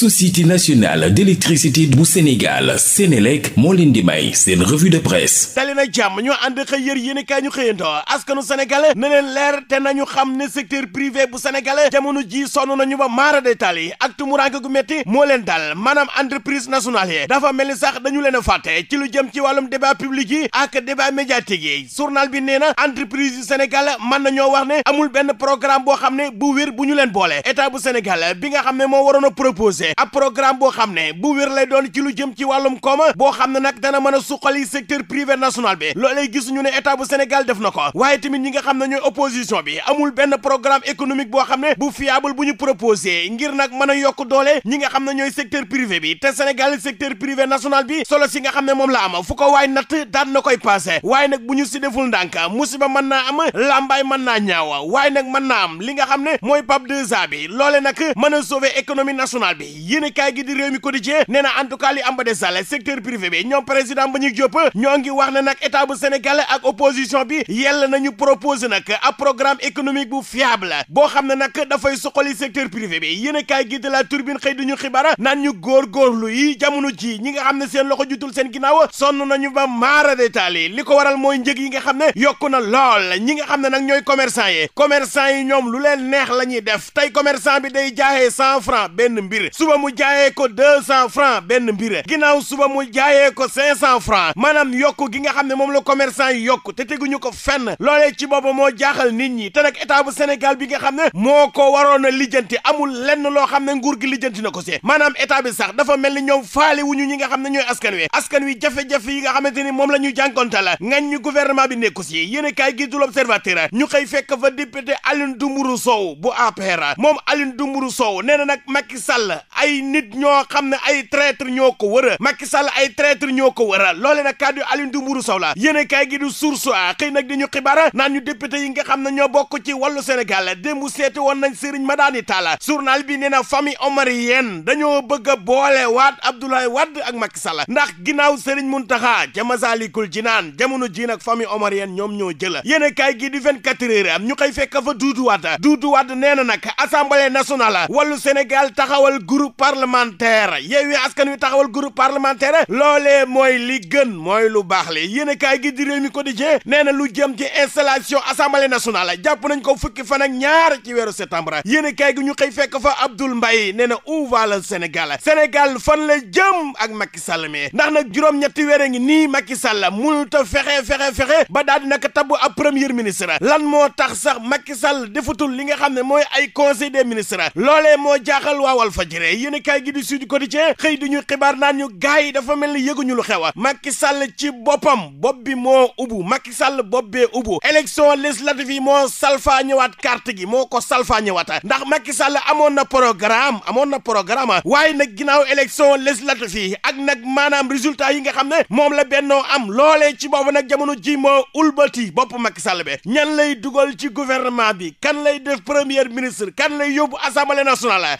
société nationale d'électricité bu Sénégal Sénélec moo leen di may seen revue de presse dali nag jàmm ñoo ànd xëy yër yéen kaay ñu xëyantoo askanu Sénégal na leen leer te nañu xam ne secteur privé bu Sénégal jamono ji sonn nañu ba maara détaal yi ak tumuraanke gu metti moo leen dal maanaam entreprise nationale yi dafa mel dañu leen a fàtte ci lu jëm ci wàllum débat public yi ak débat médiatique yi journal bi nee na entreprise yu Sénégal mën nañoo wax ne boo xam ne bu bu ñu leen boole état bu Sénégal a ab boo xam ne bu wér lay doon ci lu jëm ci wàllum kooma boo xam ne nag dana mën a suqali secteur privé national bi loolee gisuñu ne état bu Sénégal def na ko waaye tamit ñi nga xam ne ñooy opposition bi amul benn programme économique boo xam ne bu fiable bu ñu proposé ngir nag mën a yokk doole ñi nga xam ne ñooy secteur privé bi te Sénégal secteur privé national bi solo si nga xam ne moom la am fu ko waay natt daan na koy passé waaye nag bu ñu si deful ndànk musiba mën naa am lambaay mën naa ñaawa waaye nag mën naa am li nga xam ne mooy PAP 2A bi loole nag mën a sauver économie nationale bi yéene kaay gi di réew mi quotidien nee na en tout cas li am ba des daal secteur privé bi ñoo ngi wax na nag état bu Sénégal ak opposition bi na ñu proposé nag a programme économique bu fiable boo xam ne nag dafay suqali secteur privé bi yéene kaay gi de la turbine xëy du duñu xibaar naan ñu góorgóorlu yi jamono ji ñi nga xam ne seen loxo jutul seen ginnaaw sonn nañu ba maara détaal yi li ko waral mooy njëg yi nga xam ne yokk na lool ñi nga xam ne nag ñooy commerçant yi commerçant yi ñoom lu leen neex la def tey commerçant bi day jaayee cent franc benn mbir suba mu jaayee ko deux cent francs benn mbir ginnaaw suba mu jaayee ko cinq cent francs maanaam yokk gi nga xam ne moom la commerçant yi yokk te teguñu ko fenn loolee ci boppam moo jaaxal nit ñi te nag état bu Sénégal bi nga xam ne moo ko waroon a lijjanti amul lenn loo xam ne nguur gi lijjanti na ko si maanaam état bi sax dafa mel ni ñoom faale wuñu ñi nga xam ne ñooy askan wi askan wi jafe-jafe yi nga xamante ni moom la ñuy jànkonta la ngañ ñu gouvernement bi nekku si yéen kaay gi du ñu xëy fekk fa député Alioune Doumbourou Sow bu APR moom Alioune Doumbourou Sow nee na nag Macky Sall ay nit ñoo xam ne ay traître ñoo ko wër Macky Sall ay traître ñoo ko wër loole nag kàddu Alioune Dembourou Sow la yéen a kaay gi du source a xëy di ñu xibaar naan ñu député yi nga xam ne ñoo bokk ci wàllu Sénégal démb seeti woon seriñ Serigne Madani Talla journal bi nee na famille omarienne dañoo bëgg a boole waat Abdoulaye Wade ak Macky Sall ndax ginnaaw Serigne Mountakha ca Masalikul Jinaan jamono ji nag famille omarienne ñoom ñoo jël yéen a kaay gi di 24 heures ñu koy fekk fa Doudou Wade Doudou Wade nee na nag assemblée nationale wàllu Sénégal taxawal groupe groupe parlementaire Yewwi Askan Wi taxawal groupe parlementaire loolee mooy li gën mooy lu baax li yéen a kaay gi di Rewmi Quotidien nee na lu jëm ci installation assemblée nationale jàpp nañ ko fukki fan ñaar ci weeru septembre yéen a kaay gi ñu xëy fekk fa Abdoul Mbaye nee na où va le Sénégal Sénégal fan la jëm ak Macky Sall mi ndax nag juróom-ñetti weer ngi nii Macky Sall mënut a fexe fexe ba daal di nag a ab premier ministre lan moo tax sax Macky Sall defutul li nga xam ne mooy ay moo yéen kaay gi di Sud Quotidien xëy di ñu xibaar naan ñu gaay yi dafa mel ni yëguñu lu xew a Macky Sall ci boppam bopp bi moo ubbu Macky Sall bopp bee ubbu élection législative yi moo salfaa ñëwaat carte gi moo ko salfaa ñëwaat ndax Macky Sall amoon na programme moon na programme waaye nag ginnaaw élection législative yi ak nag maanaam résultat yi nga xam ne moom la bennoo am loole ci boobu nag jamono ji moo ulbati bopp Macky Sall be ñan lay dugal ci gouvernement bi kan lay def premier ministre kan lay yóbbu assemblée nationale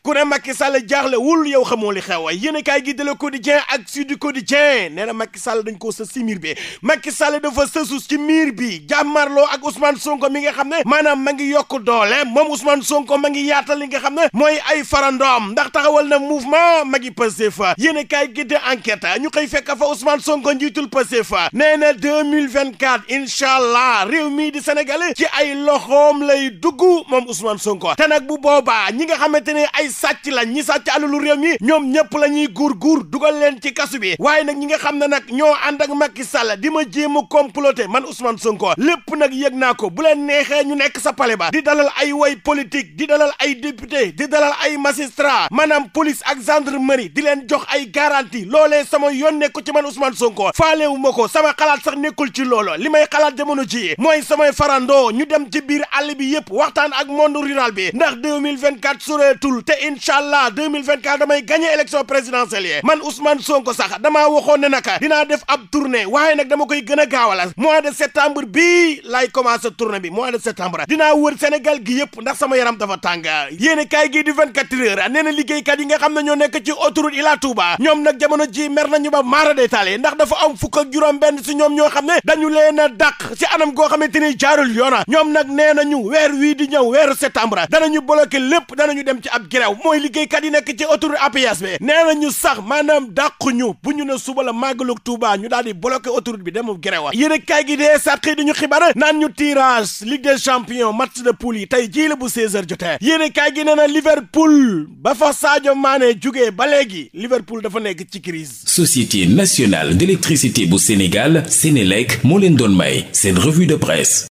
jaaxlewul yow xamoo li xew yéen kaay gi de Le Quotidien ak Sud Quotidien nee na Macky Sall dañ koo sës ci miir bi Macky Sall dafa sësus ci miir bi jàmmarloo ak Ousmane Sonko mi nga xam ne maanaam ma ngi yokk doole moom Ousmane Sonko ma ngi yaatal li nga xam ne mooy ay farandoom ndax taxawal na mouvement ma ngi Pastef yéen kaay gi de enquête ñu xëy fekk fa Ousmane Sonko njiitul Pastef nee na 2024 incha allah réew mii di Sénégal ci ay loxoom lay dugg moom Ousmane te nag bu boobaa ñi nga ci àlalu réew mi ñoom ñëpp la ñuy guur guur dugal leen ci kasu bi waaye nag ñi nga xam ne nag ñoo ànd ak Macky Sall di ma jéem a comploter man Ousmane Sonko lépp nag yëg naa ko bu leen neexee ñu nekk sa palais ba di dalal ay way politique di dalal ay député di dalal ay magistrat maanaam police ak gendarmerie di leen jox ay garantie loole sama yoon nekku ci man Ousmane Sonko faalewu ma ko sama xalaat sax nekkul ci loolo li may xalaat jamono ji mooy samay farandoo ñu dem ci biir àll bi yëpp waxtaan ak monde rural bi ndax 2024 soreetul te incha allah 2024 damay gagné élection présidentielle yi man Ousmane Sonko sax damaa waxoon ne naka dinaa def ab tournée waaye nag dama koy gën a gaawala mois de septembre bii laay commencé tournée bi mois de septembre dinaa wër Sénégal gi yëpp ndax sama yaram dafa tàng yéen gii di 24 heures nee na liggéeykat yi nga xam ne nekk ci autoroute Ila Touba ñoom nag jamono ji mer nañu ba maara détaillé ndax dafa am fukk ak benn si ñoom ñoo xam ne dañu leen a dàq si anam goo xamante ni jaarul yoona ñoom nag nee nañu weer wii di ñëw weeru septembre danañu bloqué lépp danañu dem ci ab grève mooy liggéeykat yi nekk nekk ci autoroute APS bi nee na ñu sax maanaam dàqu ñu bu ñu ne suba la màggalu Tuuba ñu daal di bloqué autoroute bi dem gerewa yéen kaay gi dee sax xëy ñu xibaar naan ñu tirage Ligue des champions match de poule yi tey jii la bu 16h jotee yéen kaay gi nee na Liverpool ba fa Sadio Mané jugee ba léegi Liverpool dafa nekk ci crise Société nationale d'électricité bu Sénégal Sénélec moo leen doon may seen revue de presse